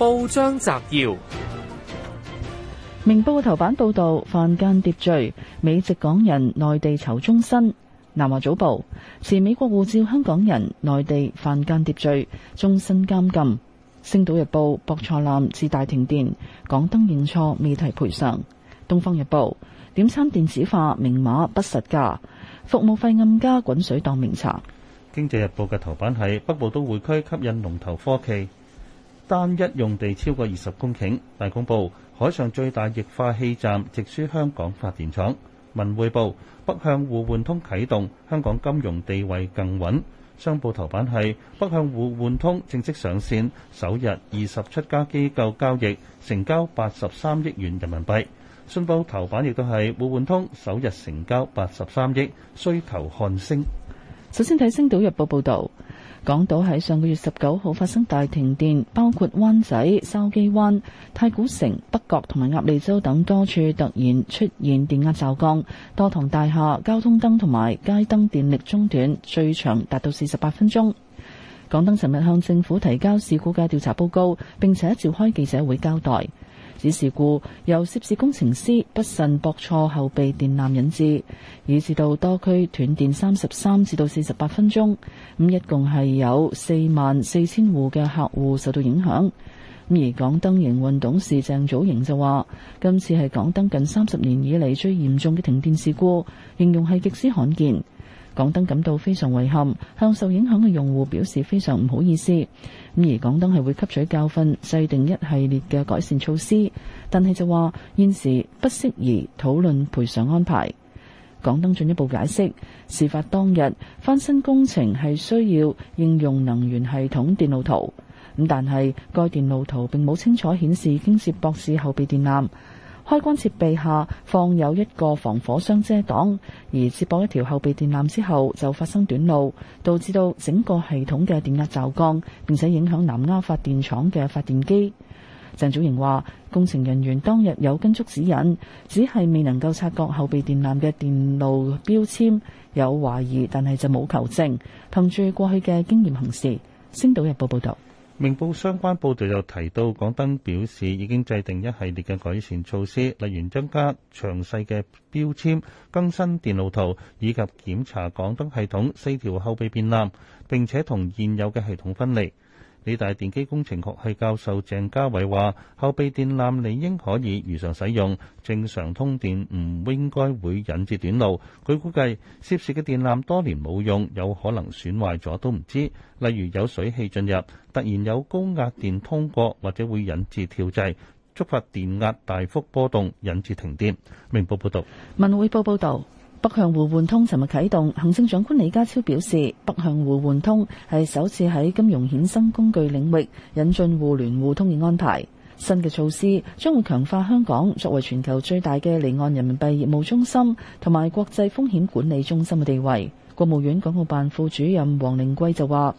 報章摘要：明報頭版報道，犯間諜罪，美籍港人內地囚終身。南華早報，持美國護照香港人內地犯間諜罪，終身監禁。星島日報，駁錯纜致大停電，港燈認錯未提賠償。東方日報，點餐電子化，明碼不實價，服務費暗加滾水當名茶。經濟日報嘅頭版喺北部都會區吸引龍頭科技。單一用地超過二十公頃。大公報：海上最大液化氣站直輸香港發電廠。文匯報：北向互換通啟動，香港金融地位更穩。商報頭版係北向互換通正式上線，首日二十七家機構交易，成交八十三億元人民幣。信報頭版亦都係互換通首日成交八十三億，需求看升。首先睇《星島日報》報道。港島喺上個月十九號發生大停電，包括灣仔、筲箕灣、太古城、北角同埋鴨脷洲等多處突然出現電壓驟降，多幢大廈、交通燈同埋街燈電力中斷，最長達到四十八分鐘。港燈尋日向政府提交事故嘅調查報告，並且召開記者會交代。指事故由涉事工程師不慎駁錯後備電纜引致，以致到多區斷電三十三至到四十八分鐘，咁一共係有四萬四千戶嘅客戶受到影響。而港燈營運董事鄭祖瑩就話：今次係港燈近三十年以嚟最嚴重嘅停電事故，形容係極之罕見。港燈感到非常遺憾，向受影響嘅用戶表示非常唔好意思。咁而港燈係會吸取教訓，制定一系列嘅改善措施，但係就話現時不適宜討論賠償安排。港燈進一步解釋，事發當日翻新工程係需要應用能源系統電路圖，咁但係該電路圖並冇清楚顯示經涉博士後備電纜。開關設備下放有一個防火箱遮擋，而接駁一條後備電纜之後就發生短路，導致到整個系統嘅電壓驟降，並且影響南丫發電廠嘅發電機。鄭祖瑩話：工程人員當日有跟足指引，只係未能夠察覺後備電纜嘅電路標籤有懷疑，但係就冇求證，憑住過去嘅經驗行事。星島日報報道。明報相關報導又提到，港燈表示已經制定一系列嘅改善措施，例如增加詳細嘅標籤、更新電路圖以及檢查港燈系統四條後備變纜，並且同現有嘅系統分離。理大電機工程學系教授鄭家偉話：後備電纜理應可以如常使用，正常通電唔應該會引致短路。佢估計涉事嘅電纜多年冇用，有可能損壞咗都唔知。例如有水汽進入，突然有高壓電通過，或者會引致跳掣，觸發電壓大幅波動，引致停電。明報報道，文匯報報道。北向互換通尋日啟動，行政長官李家超表示，北向互換通係首次喺金融衍生工具領域引進互聯互通嘅安排。新嘅措施將會強化香港作為全球最大嘅離岸人民幣業務中心同埋國際風險管理中心嘅地位。國務院港澳辦副主任王靈桂就話。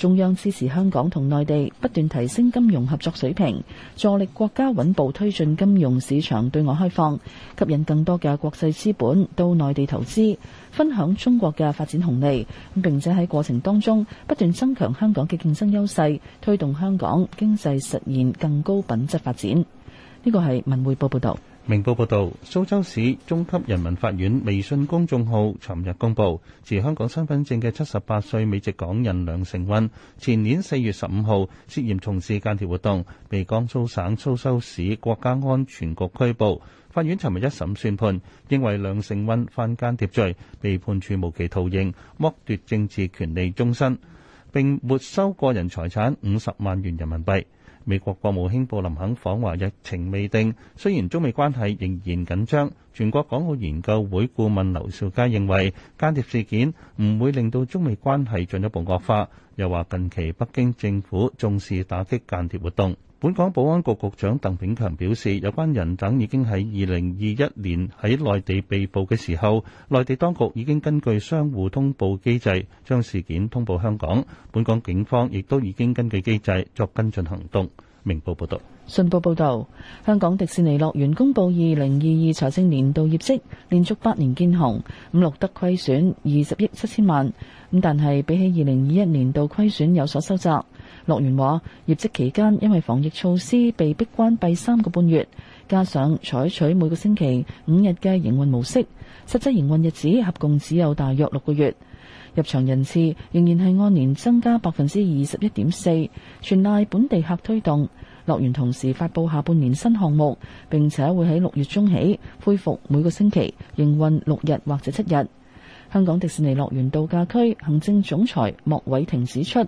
中央支持香港同內地不斷提升金融合作水平，助力國家穩步推進金融市場對外開放，吸引更多嘅國際資本到內地投資，分享中國嘅發展紅利。並且喺過程當中不斷增強香港嘅競爭優勢，推動香港經濟實現更高品質發展。呢、這個係文匯報報道。明報報導，蘇州市中級人民法院微信公眾號尋日公布，持香港身份證嘅七十八歲美籍港人梁成運，前年四月十五號涉嫌從事間諜活動，被江蘇省蘇州市國家安全局拘捕。法院尋日一審宣判，認為梁成運犯間諜罪，被判處無期徒刑、剝奪政治權利終身，並沒收個人財產五十萬元人民幣。美國國務卿布林肯訪華日程未定，雖然中美關係仍然緊張。全國港澳研究會顧問劉兆佳認為，間諜事件唔會令到中美關係進一步惡化，又話近期北京政府重視打擊間諜活動。本港保安局局長鄧炳強表示，有關人等已經喺2021年喺內地被捕嘅時候，內地當局已經根據相互通報機制將事件通報香港，本港警方亦都已經根據機制作跟進行動。明報報道，信報報道，香港迪士尼樂園公佈2022財政年度業績，連續八年見紅，咁錄得虧損二十億七千萬，咁但係比起2021年度虧損有所收窄。樂園話，業績期間因為防疫措施被逼關閉三個半月，加上採取每個星期五日嘅營運模式，實際營運日子合共只有大約六個月。入場人次仍然係按年增加百分之二十一點四，全賴本地客推動。樂園同時發佈下半年新項目，並且會喺六月中起恢復每個星期營運六日或者七日。香港迪士尼樂園度假區行政總裁莫偉庭指出。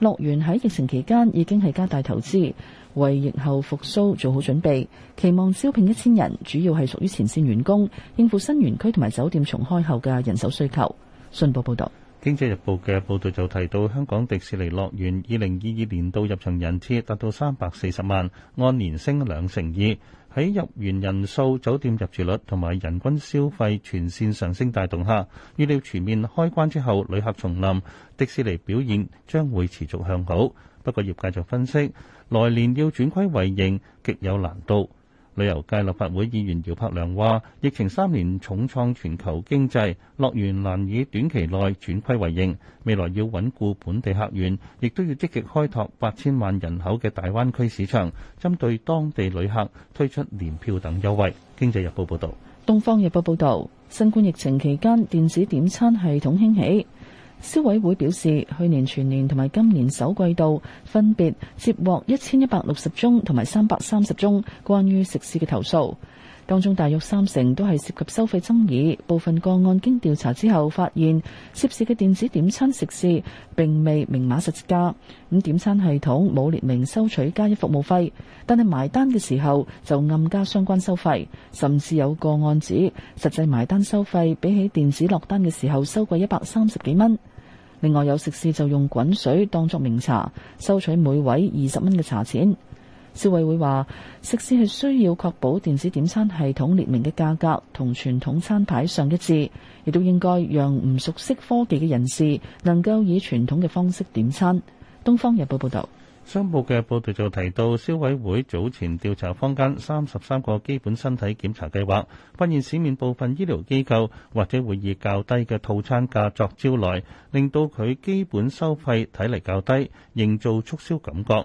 樂園喺疫情期間已經係加大投資，為疫後復蘇做好準備，期望招聘一千人，主要係屬於前線員工，應付新園區同埋酒店重開後嘅人手需求。信報報道，《經濟日報》嘅報道就提到，香港迪士尼樂園二零二二年度入場人次達到三百四十萬，按年升兩成二。喺入園人數、酒店入住率同埋人均消費全線上升帶動下，預料全面開關之後，旅客重臨迪士尼表現將會持續向好。不過業界就分析，來年要轉虧為盈，極有難度。旅遊界立法會議員姚柏良話：疫情三年重創全球經濟，樂園難以短期內轉虧為盈。未來要穩固本地客源，亦都要積極開拓八千萬人口嘅大灣區市場，針對當地旅客推出年票等優惠。經濟日報報道。東方日報報道，新冠疫情期間電子點餐系統興起。消委會表示，去年全年同埋今年首季度，分別接獲一千一百六十宗同埋三百三十宗關於食肆嘅投訴。當中大約三成都係涉及收費爭議，部分個案經調查之後發現，涉事嘅電子點餐食肆並未明碼實價，咁點餐系統冇列明收取加一服務費，但係埋單嘅時候就暗加相關收費，甚至有個案指實際埋單收費比起電子落單嘅時候收貴一百三十幾蚊。另外有食肆就用滾水當作茗茶，收取每位二十蚊嘅茶錢。消委會話，食肆係需要確保電子點餐系統列明嘅價格同傳統餐牌上一致，亦都應該讓唔熟悉科技嘅人士能夠以傳統嘅方式點餐。東方日報報道，商報嘅報道就提到，消委會早前調查坊間三十三個基本身體檢查計劃，發現市面部分醫療機構或者會以較低嘅套餐價作招徠，令到佢基本收費睇嚟較低，營造促銷感覺。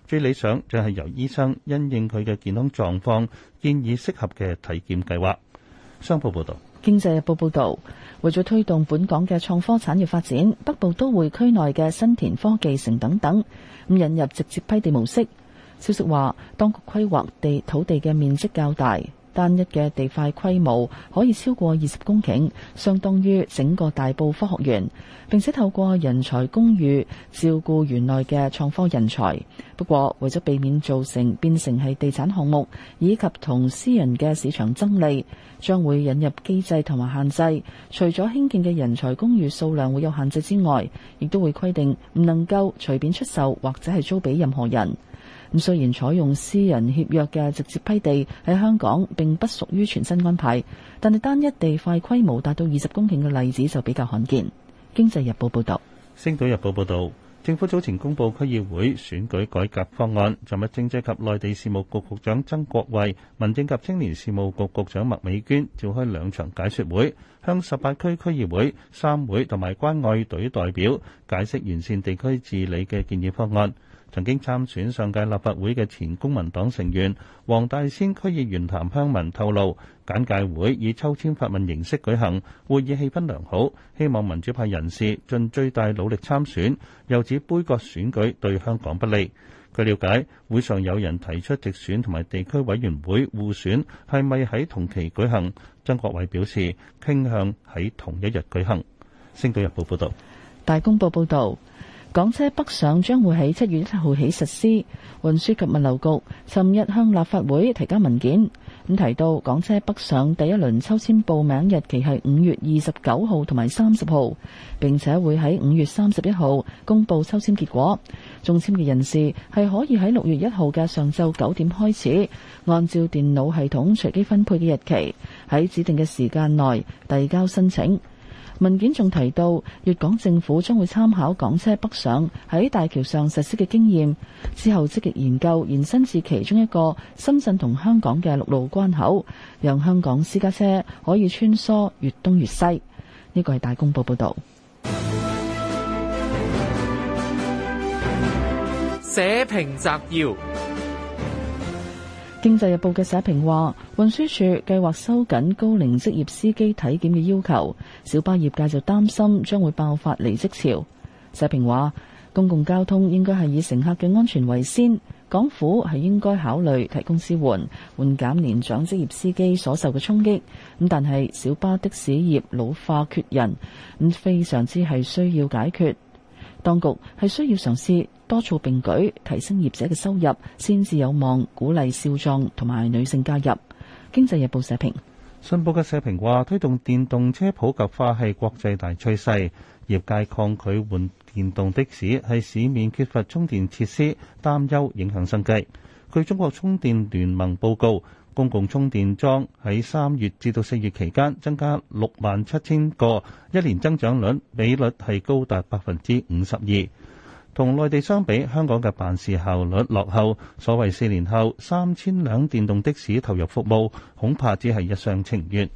最理想就係由醫生因應佢嘅健康狀況建議適合嘅體檢計劃。商報報道，經濟日報報道，為咗推動本港嘅創科產業發展，北部都會區內嘅新田科技城等等，咁引入直接批地模式。消息話，當局規劃地土地嘅面積較大。單一嘅地塊規模可以超過二十公頃，相當於整個大埔科學園，並且透過人才公寓照顧園內嘅創科人才。不過，為咗避免造成變成係地產項目，以及同私人嘅市場爭利，將會引入機制同埋限制。除咗興建嘅人才公寓數量會有限制之外，亦都會規定唔能夠隨便出售或者係租俾任何人。咁雖然採用私人協約嘅直接批地喺香港並不屬於全新安排，但係單一地塊規模達到二十公頃嘅例子就比較罕見。經濟日報報道。《星島日報》報道，政府早前公布區議會選舉改革方案。尋日政制及內地事務局局長曾國衛、民政及青年事務局局長麥美娟召開兩場解説會，向十八區區議會、三會同埋關愛隊代表解釋完善地區治理嘅建議方案。曾經參選上屆立法會嘅前公民黨成員黃大仙區議員譚香文透露，簡介會以抽籤發問形式舉行，會議氣氛良好，希望民主派人士盡最大努力參選。又指杯葛選舉對香港不利。據了解，會上有人提出直選同埋地區委員會互選係咪喺同期舉行？曾國偉表示傾向喺同一日舉行。星島日報報道。大公報報導。港車北上將會喺七月一號起實施，運輸及物流局尋日向立法會提交文件，咁提到港車北上第一輪抽籤報名日期係五月二十九號同埋三十號，並且會喺五月三十一號公佈抽籤結果。中簽嘅人士係可以喺六月一號嘅上晝九點開始，按照電腦系統隨機分配嘅日期，喺指定嘅時間內遞交申請。文件仲提到，粵港政府將會參考港車北上喺大橋上實施嘅經驗，之後積極研究延伸至其中一個深圳同香港嘅陸路關口，讓香港私家車可以穿梭粵東粵西。呢個係大公報報道。社評摘要。經濟日報嘅社評話，運輸署計劃收緊高齡職業司機體檢嘅要求，小巴業界就擔心將會爆發離職潮。社評話，公共交通應該係以乘客嘅安全為先，港府係應該考慮提供支援，緩減年長職業司機所受嘅衝擊。咁但係小巴的士業老化缺人，咁非常之係需要解決，當局係需要嘗試。多措并舉提升業者嘅收入，先至有望鼓勵少壯同埋女性加入。經濟日報社評，信報嘅社評話推動電動車普及化係國際大趨勢，業界抗拒換電動的士係市面缺乏充電設施，擔憂影響生計。據中國充電聯盟報告，公共充電樁喺三月至到四月期間增加六萬七千個，一年增長率比率係高達百分之五十二。同內地相比，香港嘅辦事效率落後。所謂四年後三千輛電動的士投入服務，恐怕只係一相情願。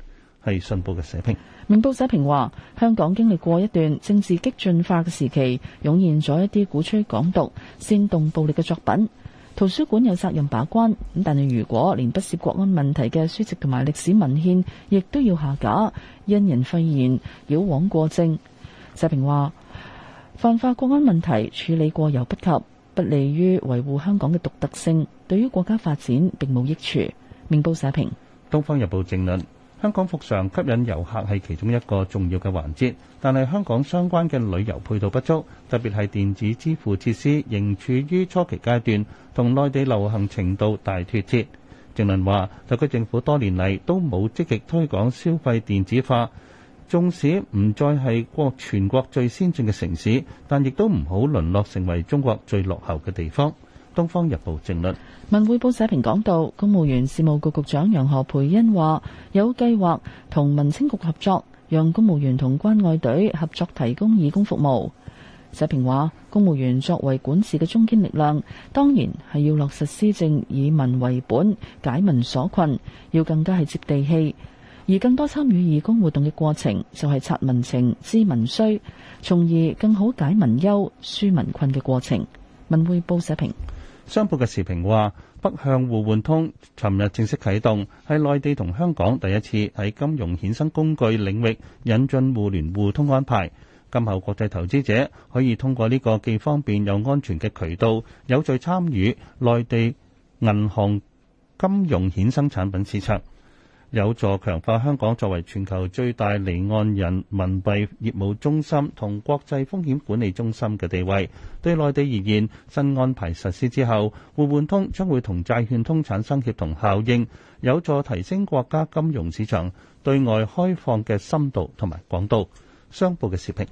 係信報嘅社評。明報社評話，香港經歷過一段政治激進化嘅時期，湧現咗一啲鼓吹港獨、煽動暴力嘅作品。圖書館有責任把關，咁但係如果連不涉國安問題嘅書籍同埋歷史文獻，亦都要下架，因人廢言，矯枉過正。社評話。泛化國安問題處理過猶不及，不利於維護香港嘅獨特性，對於國家發展並冇益處。明報社評，《東方日報》政論：香港復常吸引遊客係其中一個重要嘅環節，但係香港相關嘅旅遊配套不足，特別係電子支付設施仍處於初期階段，同內地流行程度大脫節。政論話：特區政府多年嚟都冇積極推廣消費電子化。縱使唔再係國全國最先進嘅城市，但亦都唔好淪落成為中國最落後嘅地方。《東方日報》正論，《文匯報》社評講到，公務員事務局局長楊何蓓茵話有計劃同民青局合作，讓公務員同關愛隊合作提供義工服務。社評話公務員作為管治嘅中堅力量，當然係要落實施政，以民為本，解民所困，要更加係接地氣。而更多參與義工活動嘅過程，就係、是、察民情、知民需，從而更好解民憂、舒民困嘅過程。文匯報社評，商報嘅時評話，北向互換通尋日正式啟動，係內地同香港第一次喺金融衍生工具領域引進互聯互通安排。今後國際投資者可以通過呢個既方便又安全嘅渠道，有序參與內地銀行金融衍生產品市場。有助強化香港作為全球最大離岸人民幣業務中心同國際風險管理中心嘅地位。對內地而言，新安排實施之後，互換通將會同債券通產生協同效應，有助提升國家金融市場對外開放嘅深度同埋廣度。商報嘅視頻。